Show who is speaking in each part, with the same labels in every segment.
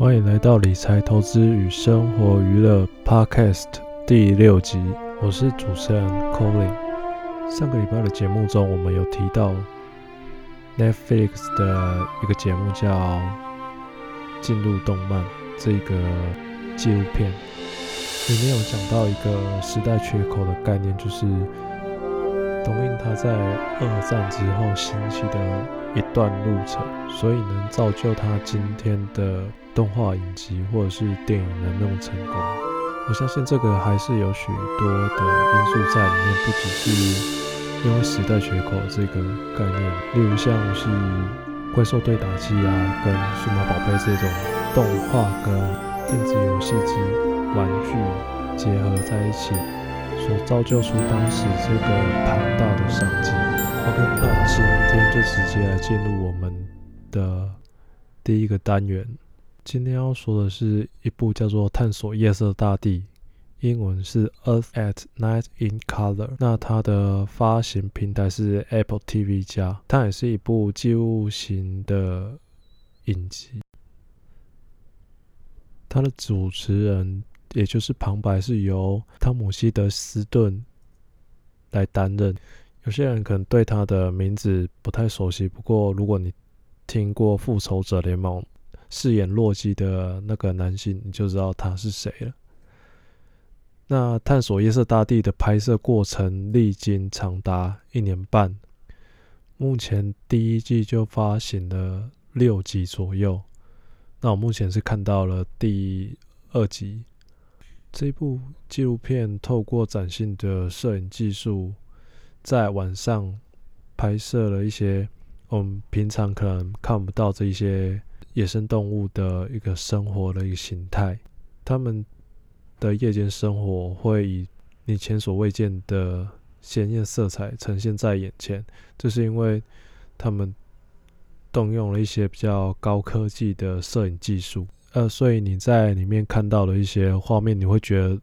Speaker 1: 歡迎來到理財投資與生活娛樂 Podcast 第六集，我是主持人 Colin。上個禮拜的節目中，我們有提到 Netflix 的一個節目叫《進入動漫》這個紀錄片，裡面有講到一個時代缺口的概念，就是東映他在二戰之後興起的。一段路程，所以能造就他今天的動畫影集、或者是電影能那麼成功，我相信這個還是有許多的因素在裡面，不只是因為時代缺口這個概念，例如像是怪獸對打機啊，跟數碼寶貝這種動畫跟電子遊戲機玩具結合在一起，所造就出當時這個龐大的商機。OK，那今天就直接來進入我們的第一個單元。今天要說的是一部叫做《探索夜色大地》，英文是《Earth at Night in Color》。那它的發行平台是 Apple TV 加，它也是一部紀錄型的影集。它的主持人，也就是旁白，是由湯姆希德斯頓來擔任。有些人可能對他的名字不太熟悉，不過如果你聽過《復仇者聯盟》，飾演洛基的那個男性，你就知道他是誰了。那探索夜色大地的拍攝過程歷經長達一年半，目前第一季就發行了六集左右。那我目前是看到了第二集。這部紀錄片透過嶄新的攝影技術，在晚上拍攝了一些我們平常可能看不到這一些野生動物的一個生活的一個形態，它們的夜間生活會以你前所未見的鮮豔色彩呈現在眼前，這是因為他們動用了一些比較高科技的攝影技術，呃，所以你在裡面看到了一些畫面，你會覺得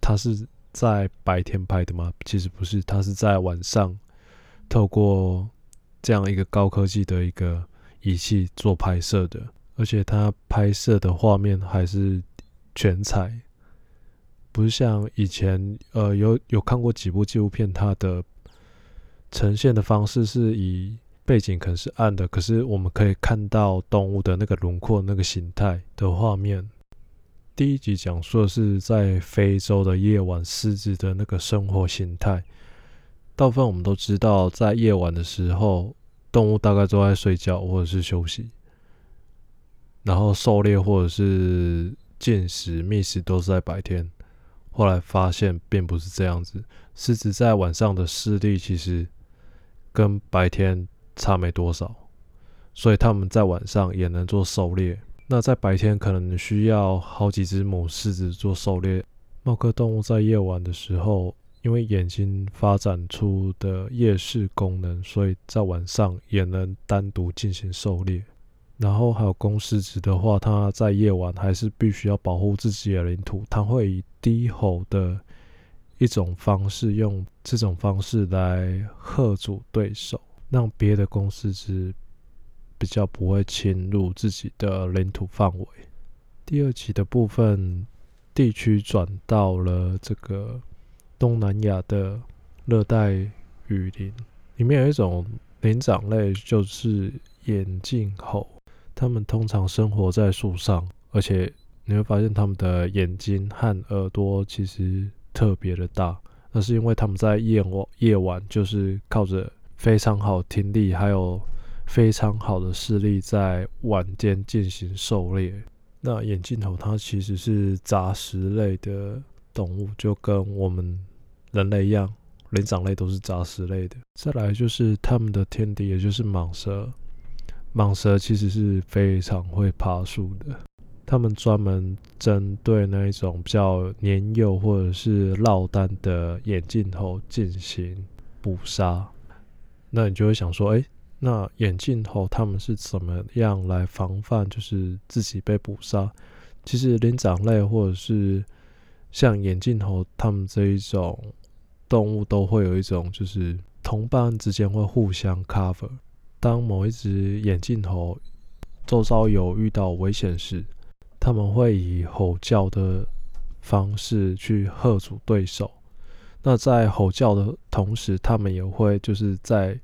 Speaker 1: 它是。在白天拍的嗎？其實不是，它是在晚上透過這樣一個高科技的一個儀器做拍攝的，而且它拍攝的畫面還是全彩，不是像以前呃有有看過幾部紀錄片，它的呈現的方式是以背景可能是暗的，可是我們可以看到動物的那個輪廓、那個形態的畫面。第一集講述的是在非洲的夜晚，獅子的那個生活形態。大部分我們都知道，在夜晚的時候，動物大概都在睡覺或者是休息。然後狩獵或者是進食覓食都是在白天。後來發現並不是這樣子，獅子在晚上的視力其實跟白天差沒多少，所以他們在晚上也能做狩獵。那在白天可能需要好幾隻母獅子做狩獵。貓科動物在夜晚的時候，因為眼睛發展出的夜視功能，所以在晚上也能單獨進行狩獵。然後還有公獅子的話，它在夜晚還是必須要保護自己的領土，它會以低吼的一種方式，用這種方式來嚇阻對手，讓別的公獅子。比較不會侵入自己的領土範圍。第二集的部分地區轉到了這個東南亞的熱帶雨林，裡面有一種靈長類，就是眼鏡猴。他們通常生活在樹上，而且你會發現他們的眼睛和耳朵其實特別的大，那是因為他們在夜夜晚就是靠着非常好聽力還有。非常好的視力，在晚間進行狩獵。那眼鏡猴它其實是雜食類的動物，就跟我們人類一樣，靈長類都是雜食類的。再來就是它們的天敵，也就是蟒蛇。蟒蛇其實是非常會爬樹的，它們專門針對那一種比較年幼或者是落單的眼鏡猴進行捕殺。那你就會想說，誒、欸。那眼鏡猴他們是怎麼樣來防範，就是自己被捕殺？其實靈長類或者是像眼鏡猴他們這一種動物，都會有一種就是同伴之間會互相 cover。當某一只眼鏡猴周遭有遇到危險時，他們會以吼叫的方式去喝阻對手。那在吼叫的同時，他們也會就是在。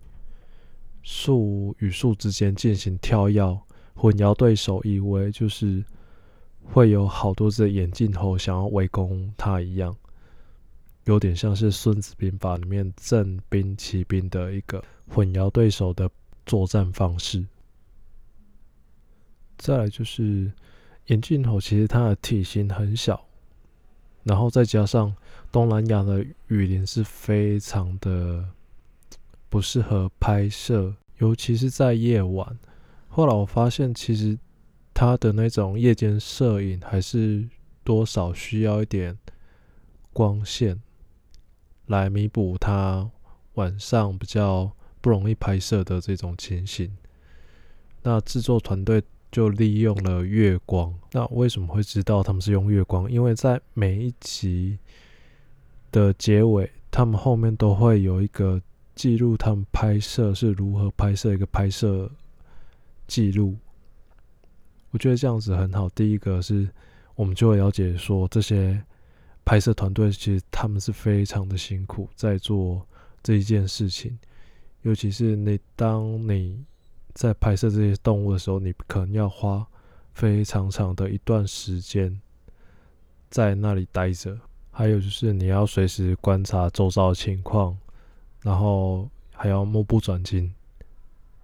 Speaker 1: 樹與樹之間進行跳躍，混淆對手，以為就是會有好多隻眼鏡猴想要圍攻他一樣，有點像是《孫子兵法》裡面“正兵奇兵”的一個混淆對手的作戰方式。再來就是眼鏡猴，其實它的體型很小，然後再加上東南亞的雨林是非常的。不適合拍攝，尤其是在夜晚。後來我發現，其實他的那種夜間攝影還是多少需要一點光線來彌補他晚上比較不容易拍攝的這種情形。那製作團隊就利用了月光。那為什麼會知道他們是用月光？因為在每一集的結尾，他們後面都會有一個。記錄他們拍攝是如何拍攝一個拍攝記錄，我覺得這樣子很好。第一個是，我們就會了解說這些拍攝團隊其實他們是非常的辛苦在做這一件事情。尤其是你當你在拍攝這些動物的時候，你可能要花非常長的一段時間在那裡待着，還有就是你要隨時觀察周遭的情況。然後還要目不轉睛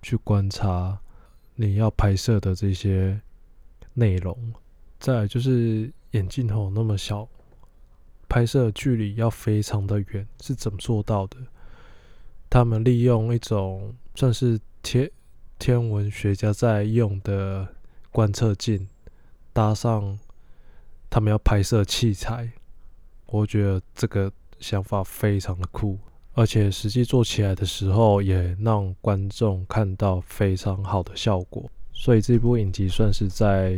Speaker 1: 去觀察你要拍攝的這些內容，再來就是鏡頭那麼小，拍攝距離要非常的遠，是怎麼做到的？他們利用一種算是天天文學家在用的觀測鏡搭上他們要拍攝器材，我覺得這個想法非常的酷。而且實際做起來的時候，也讓觀眾看到非常好的效果，所以這部影集算是在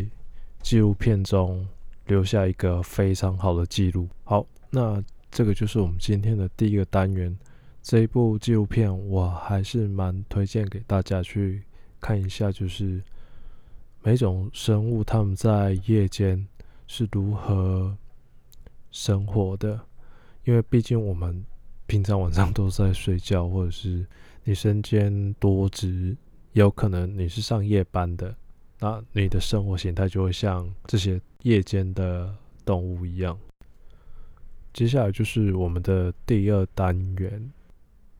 Speaker 1: 紀錄片中留下一個非常好的記錄。好，那這個就是我們今天的第一個單元。這一部紀錄片我還是蠻推薦給大家去看一下，就是每種生物他們在夜間是如何生活的，因為畢竟我們。平常晚上都是在睡覺，或者是你身兼多職，有可能你是上夜班的，那你的生活型態就會像這些夜間的動物一樣。接下來就是我們的第二單元，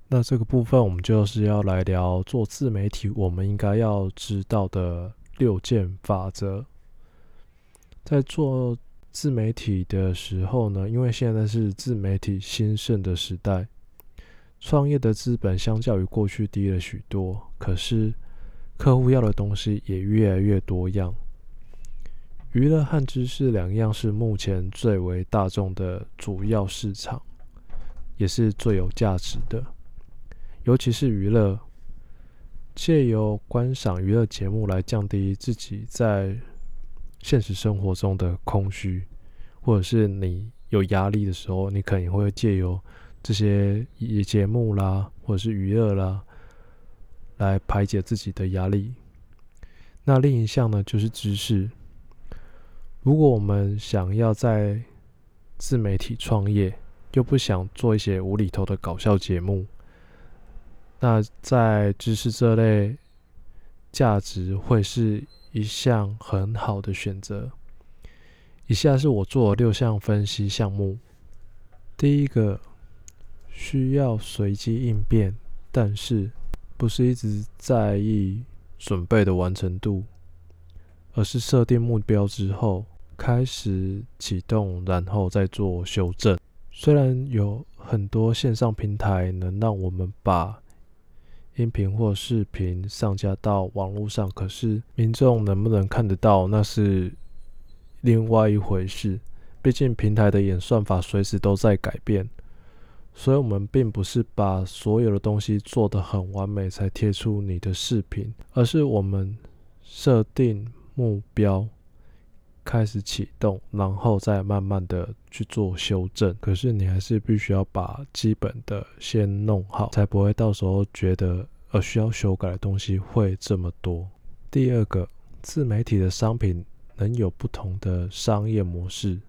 Speaker 1: 那這個部分我們就是要來聊做自媒體我們應該要知道的六件法則，在做。自媒體的時候呢，因為現在是自媒體興盛的時代，創業的資本相較於過去低了許多。可是，客戶要的東西也越來越多樣。娛樂和知識兩樣是目前最為大眾的主要市場，也是最有價值的。尤其是娛樂，借由觀賞娛樂節目來降低自己在。現實生活中的空虛，或者是你有壓力的時候，你可能會借由這些節目啦，或者是娛樂啦，來排解自己的壓力。那另一項呢，就是知識。如果我們想要在自媒體創業，又不想做一些無厘頭的搞笑節目，那在知識這類價值會是。一項很好的選擇。以下是我做的六項分析項目。第一個，需要隨機應變，但是不是一直在意準備的完成度，而是設定目標之後開始啟動，然後再做修正。雖然有很多線上平台能讓我們把。音頻或視頻上架到網絡上，可是民眾能不能看得到，那是另外一回事。畢竟平台的演算法隨時都在改變，所以我們並不是把所有的東西做得很完美才貼出你的視頻，而是我們設定目標。開始啟動，然後再慢慢的去做修正。可是你還是必須要把基本的先弄好，才不會到時候覺得呃需要修改的東西會這麼多。第二個，自媒體的商品能有不同的商業模式。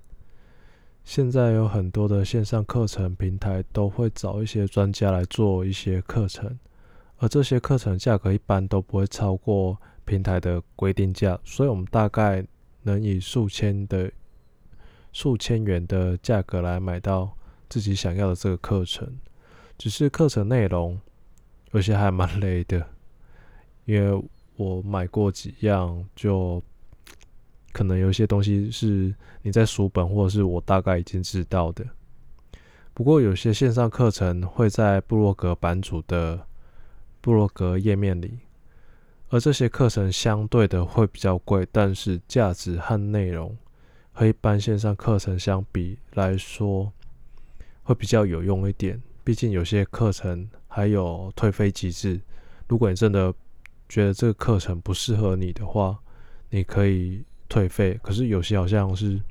Speaker 1: 現在有很多的線上課程平台都會找一些專家來做一些課程，而這些課程價格一般都不會超過平台的規定價，所以我們大概。能以數千的數千元的價格來買到自己想要的這個課程，只是課程內容有些還蠻雷的，因為我買過幾樣，就可能有些東西是你在書本或者是我大概已經知道的，不過有些線上課程會在部落格版主的部落格頁面裡。而這些課程相對的會比較貴，但是價值和內容和一般線上課程相比來說會比較有用一點。畢竟有些課程還有退費機制，如果你真的覺得這個課程不適合你的話，你可以退費。可是有些好像是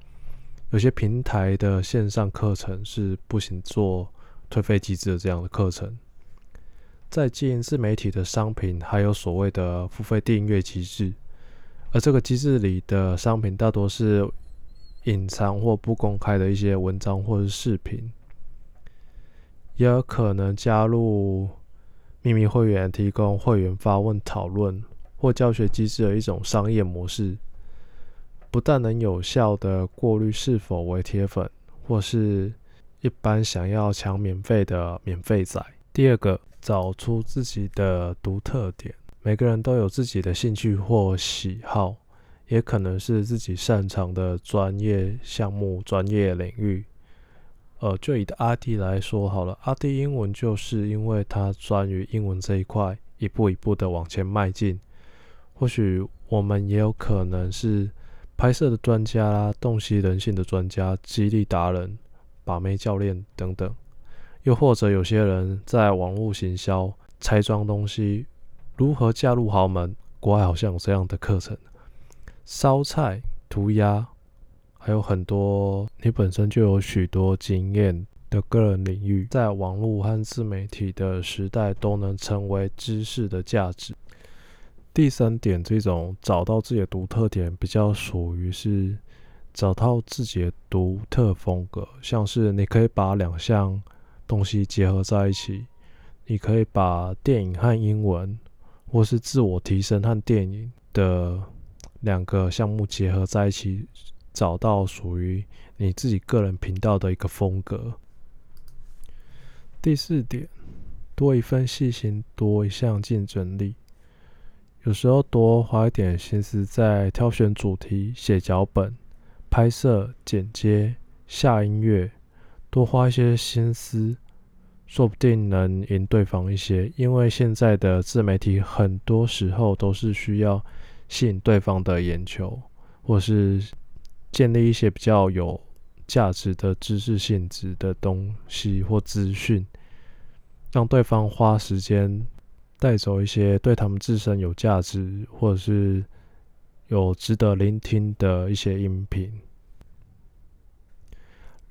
Speaker 1: 有些平台的線上課程是不行做退費機制的這樣的課程。在經營自媒體的商品，還有所謂的付費訂閱機制，而這個機制裡的商品大多是隱藏或不公開的一些文章或是視頻，也有可能加入秘密會員，提供會員發問、討論或教學機制的一種商業模式。不但能有效的過濾是否為鐵粉，或是一般想要搶免費的免費仔。第二個。找出自己的獨特點，每個人都有自己的興趣或喜好，也可能是自己擅長的專業項目、專業領域。呃，就以阿滴來說好了，阿滴英文就是因為他專於英文這一塊，一步一步的往前邁進。或許我們也有可能是拍攝的專家啦，洞悉人性的專家，激勵達人，把妹教練等等。又或者有些人在網絡行銷、拆裝東西，如何嫁入豪門？國外好像有這樣的課程，燒菜、塗鴉，還有很多你本身就有許多經驗的個人領域，在網絡和自媒體的時代都能成為知識的價值。第三點，這種找到自己的獨特點，比較屬於是找到自己的獨特風格，像是你可以把兩項。東西結合在一起，你可以把電影和英文，或是自我提升和電影的兩個項目結合在一起，找到屬於你自己個人頻道的一個風格。第四點，多一份細心，多一項競爭力。有時候多花一點心思在挑選主題、寫腳本、拍攝、剪接、下音樂。多花一些心思，說不定能贏對方一些。因為現在的自媒體很多時候都是需要吸引對方的眼球，或是建立一些比較有價值的知識性質的東西或資訊，讓對方花時間帶走一些對他們自身有價值或者是有值得聆聽的一些音頻。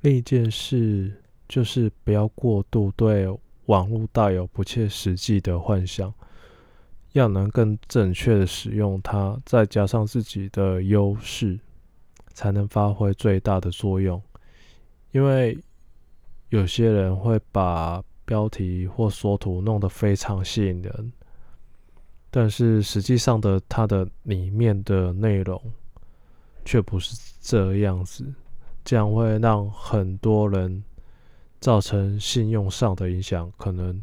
Speaker 1: 另一件事就是不要過度對網絡帶有不切實際的幻想，要能更正確的使用它，再加上自己的優勢，才能發揮最大的作用。因為有些人會把標題或縮圖弄得非常吸引人，但是實際上的它的裡面的內容卻不是這樣子。這樣會讓很多人造成信用上的影響，可能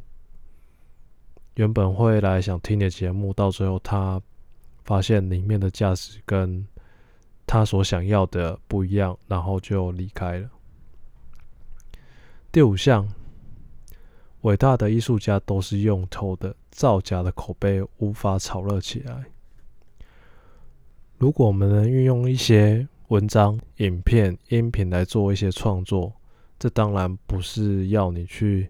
Speaker 1: 原本會來想聽你的節目，到最後他發現裡面的價值跟他所想要的不一樣，然後就離開了。第五項，偉大的藝術家都是用偷的，造假的口碑無法炒熱起來。如果我們能運用一些。文章、影片、音頻來做一些創作，這當然不是要你去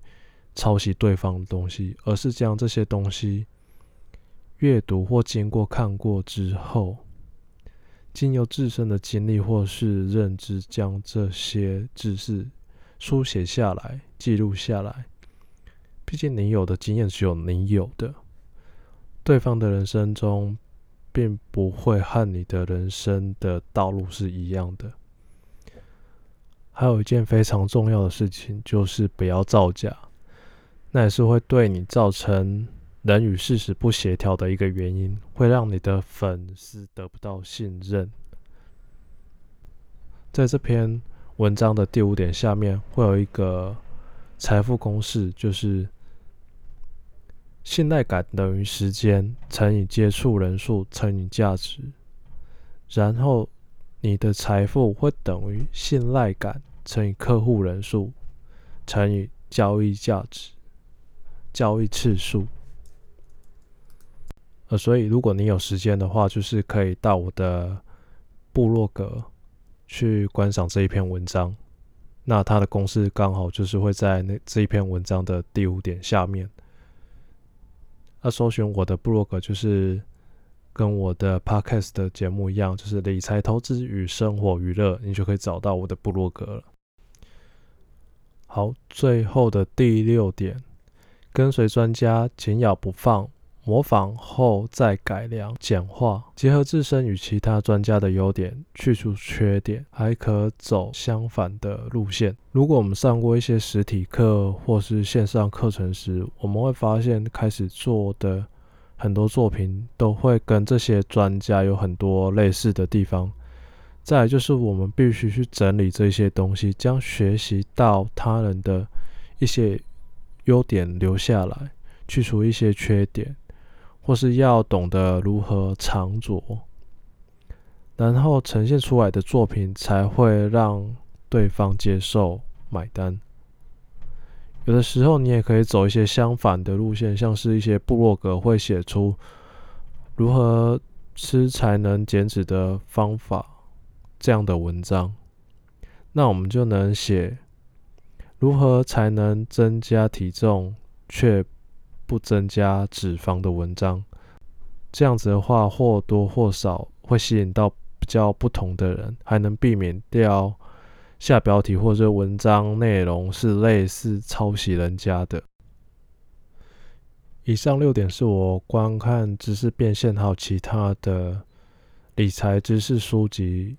Speaker 1: 抄襲對方的東西，而是將這些東西閱讀或經過看過之後，經由自身的經歷或是認知，將這些知識書寫下來、記錄下來。畢竟你有的經驗只有你有的，對方的人生中。並不會和你的人生的道路是一樣的。還有一件非常重要的事情，就是不要造假，那也是會對你造成人與事實不協調的一個原因，會讓你的粉絲得不到信任。在這篇文章的第五點下面，會有一個財富公式，就是。信賴感等於時間乘以接觸人數乘以價值，然後你的財富會等於信賴感乘以客戶人數乘以交易價值、交易次數。呃，所以如果你有時間的話，就是可以到我的部落格去觀賞這一篇文章，那它的公式剛好就是會在那這一篇文章的第五點下面。那、啊、搜尋我的部落格，就是跟我的 podcast 的節目一樣，就是理財投資與生活娛樂，你就可以找到我的部落格了。好，最後的第六點，跟隨專家緊咬不放。模仿後再改良、簡化，結合自身與其他專家的優點，去除缺點，還可走相反的路線。如果我們上過一些實體課或是線上課程時，我們會發現，開始做的很多作品都會跟這些專家有很多類似的地方。再來就是我們必須去整理這些東西，將學習到他人的一些優點留下來，去除一些缺點。或是要懂得如何藏拙，然後呈現出來的作品才會讓對方接受買單。有的時候你也可以走一些相反的路線，像是一些部落格會寫出如何吃才能減脂的方法這樣的文章，那我們就能寫如何才能增加體重卻。不增加脂肪的文章，這樣子的話或多或少會吸引到比較不同的人，還能避免掉下標題或者文章內容是類似抄襲人家的。以上六點是我觀看知識變現還有其他的理財知識書籍，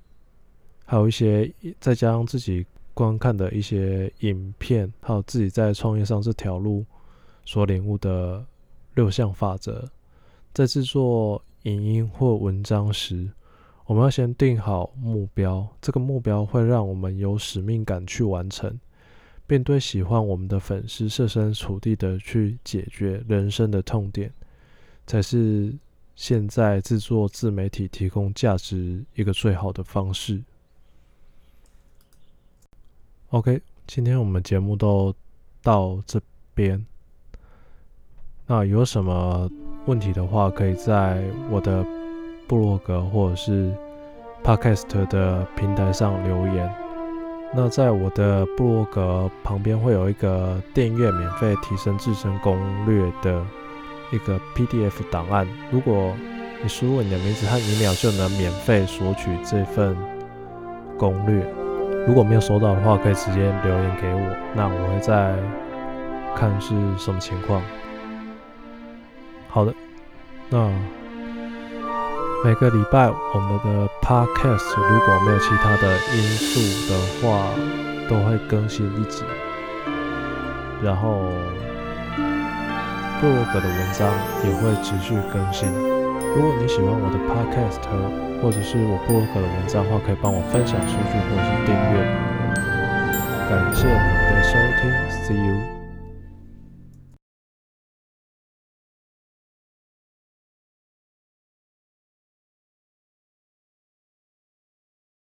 Speaker 1: 還有一些再加上自己觀看的一些影片，還有自己在創業上這條路。所領悟的六項法則，在製作影音或文章時，我們要先定好目標。這個目標會讓我們有使命感去完成，並對喜歡我們的粉絲設身處地的去解決人生的痛點，才是現在制作自媒體提供價值一個最好的方式。OK，今天我們節目都到這邊。那有什麼問題的話，可以在我的部落格或者是 podcast 的平台上留言。那在我的部落格旁邊會有一個訂閱免費提升自身攻略的一個 PDF 檔案，如果你輸入你的名字和 email，就能免費索取這份攻略。如果沒有收到的話，可以直接留言給我，那我會再看是什麼情況。好的，那每個禮拜我們的 podcast 如果沒有其他的因素的話，都會更新一集，然後部落格的文章也會持續更新。如果你喜歡我的 podcast 或者是我部落格的文章的話，可以幫我分享出去或者是訂閱，感謝你的收聽，See you。